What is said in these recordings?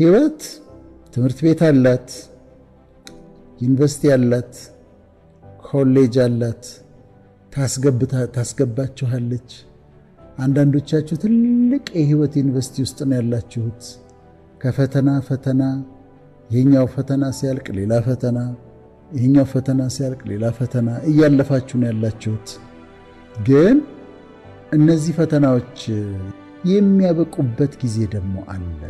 ህይወት ትምህርት ቤት አላት፣ ዩኒቨርሲቲ አላት፣ ኮሌጅ አላት፣ ታስገባችኋለች። አንዳንዶቻችሁ ትልቅ የህይወት ዩኒቨርሲቲ ውስጥ ነው ያላችሁት። ከፈተና ፈተና፣ ይህኛው ፈተና ሲያልቅ ሌላ ፈተና፣ ይህኛው ፈተና ሲያልቅ ሌላ ፈተና እያለፋችሁ ነው ያላችሁት። ግን እነዚህ ፈተናዎች የሚያበቁበት ጊዜ ደግሞ አለ።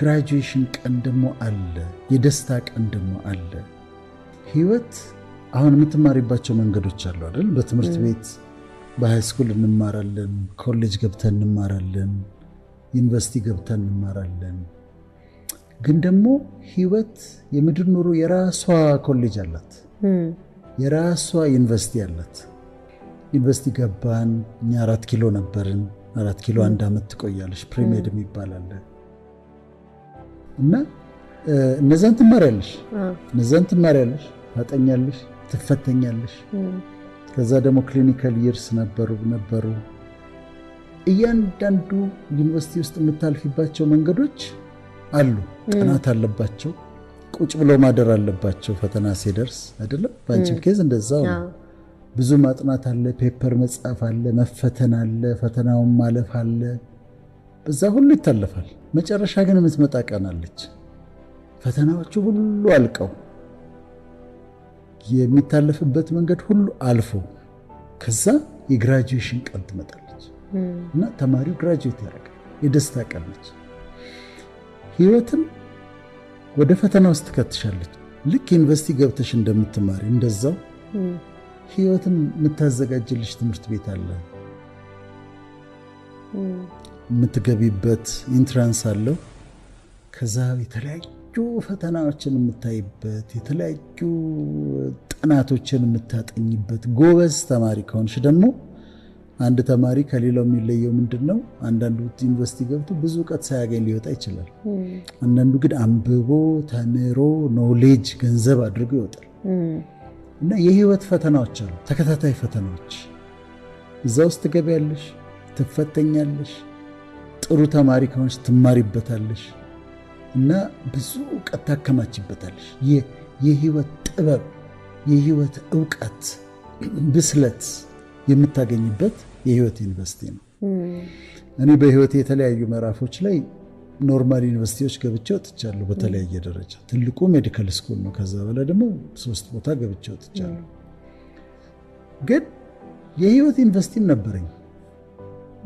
ግራጁዌሽን ቀን ደግሞ አለ፣ የደስታ ቀን ደግሞ አለ። ህይወት አሁን የምትማሪባቸው መንገዶች አሉ አይደል? በትምህርት ቤት በሃይስኩል እንማራለን፣ ኮሌጅ ገብተን እንማራለን፣ ዩኒቨርሲቲ ገብተን እንማራለን። ግን ደግሞ ህይወት የምድር ኑሮ የራሷ ኮሌጅ አላት፣ የራሷ ዩኒቨርሲቲ አላት። ዩኒቨርሲቲ ገባን እኛ አራት ኪሎ ነበርን። አራት ኪሎ አንድ አመት ትቆያለች። ፕሪሜድ ይባላለን እና እነዛን ትማሪያለሽ፣ እነዛን ትማሪያለሽ፣ ታጠኛለሽ፣ ትፈተኛለሽ። ከዛ ደግሞ ክሊኒካል ይርስ ነበሩ ነበሩ። እያንዳንዱ ዩኒቨርሲቲ ውስጥ የምታልፊባቸው መንገዶች አሉ፣ ጥናት አለባቸው። ቁጭ ብሎ ማደር አለባቸው ፈተና ሲደርስ አይደለም። በአንቺም ኬዝ እንደዛ ብዙ ማጥናት አለ፣ ፔፐር መጻፍ አለ፣ መፈተን አለ፣ ፈተናውን ማለፍ አለ። በዛ ሁሉ ይታለፋል። መጨረሻ ግን የምትመጣ ቀናለች። ፈተናዎቹ ሁሉ አልቀው የሚታለፍበት መንገድ ሁሉ አልፎ ከዛ የግራጁዌሽን ቀን ትመጣለች እና ተማሪው ግራጁዌት ያደርጋል። የደስታ ቀን ነች። ህይወትን ወደ ፈተና ውስጥ ትከትሻለች። ልክ ዩኒቨርሲቲ ገብተሽ እንደምትማሪ እንደዛው ህይወትን የምታዘጋጅልሽ ትምህርት ቤት አለ። የምትገቢበት ኢንትራንስ አለው። ከዛ የተለያዩ ፈተናዎችን የምታይበት፣ የተለያዩ ጥናቶችን የምታጠኝበት ጎበዝ ተማሪ ከሆንሽ ደግሞ አንድ ተማሪ ከሌላው የሚለየው ምንድን ነው? አንዳንዱ ዩኒቨርሲቲ ገብቶ ብዙ እውቀት ሳያገኝ ሊወጣ ይችላል። አንዳንዱ ግን አንብቦ ተምሮ ኖሌጅ ገንዘብ አድርጎ ይወጣል። እና የህይወት ፈተናዎች አሉ፣ ተከታታይ ፈተናዎች። እዛ ውስጥ ትገቢያለሽ፣ ትፈተኛለሽ። ጥሩ ተማሪ ከሆንሽ ትማሪበታለሽ እና ብዙ እውቀት ታከማችበታለሽ። የህይወት ጥበብ፣ የህይወት እውቀት፣ ብስለት የምታገኝበት የህይወት ዩኒቨርሲቲ ነው። እኔ በህይወት የተለያዩ ምዕራፎች ላይ ኖርማል ዩኒቨርሲቲዎች ገብቼ ወጥቻለሁ። በተለያየ ደረጃ ትልቁ ሜዲካል ስኩል ነው። ከዛ በላይ ደግሞ ሶስት ቦታ ገብቼ ወጥቻለሁ። ግን የህይወት ዩኒቨርሲቲም ነበረኝ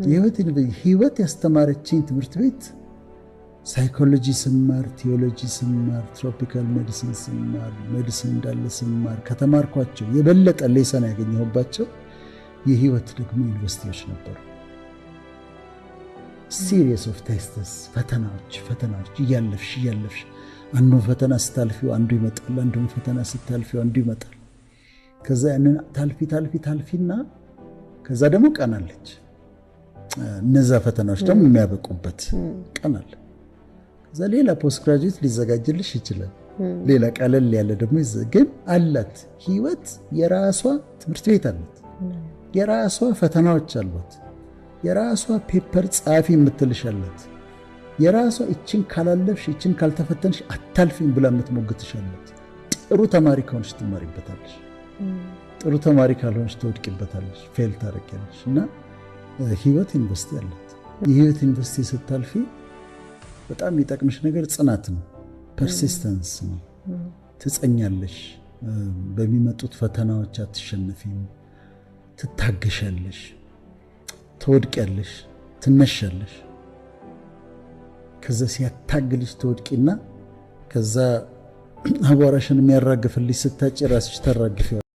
የህይወቴን ህይወት ያስተማረችኝ ትምህርት ቤት ሳይኮሎጂ ስማር፣ ቴዎሎጂ ስማር፣ ትሮፒካል ሜዲሲን ስማር፣ ሜዲሲን እንዳለ ስማር ከተማርኳቸው የበለጠ ሌሰን ያገኘሁባቸው የህይወት ደግሞ ዩኒቨርሲቲዎች ነበሩ። ሲሪየስ ኦፍ ቴስተስ ፈተናዎች ፈተናዎች እያለፍሽ እያለፍሽ አንዱን ፈተና ስታልፊው አንዱ ይመጣል። አንዱን ፈተና ስታልፊው አንዱ ይመጣል። ከዛ ያንን ታልፊ ታልፊ ታልፊና ከዛ ደግሞ ቀናለች እነዛ ፈተናዎች ደግሞ የሚያበቁበት ቀን አለ። ከዛ ሌላ ፖስት ግራጁዌት ሊዘጋጅልሽ ይችላል። ሌላ ቀለል ያለ ደግሞ ግን አላት። ህይወት የራሷ ትምህርት ቤት አላት። የራሷ ፈተናዎች አሏት። የራሷ ፔፐር ጸሐፊ የምትልሽ አላት። የራሷ እችን ካላለፍሽ እችን ካልተፈተንሽ አታልፊም ብላ የምትሞግትሽ አላት። ጥሩ ተማሪ ከሆንሽ ትማሪበታለሽ፣ ጥሩ ተማሪ ካልሆንሽ ትወድቅበታለሽ፣ ፌል ታደርጊያለሽ እና ህይወት ዩኒቨርሲቲ አላት። የህይወት ዩኒቨርሲቲ ስታልፊ በጣም የሚጠቅምሽ ነገር ጽናት ነው፣ ፐርሲስተንስ ነው። ትጸኛለሽ፣ በሚመጡት ፈተናዎች አትሸነፊም፣ ትታገሻለሽ፣ ትወድቅያለሽ፣ ትነሻለሽ። ከዛ ሲያታግልሽ ትወድቂና ከዛ አቧራሽን የሚያራግፍልሽ ስታጭ ራስሽ ተራግፊ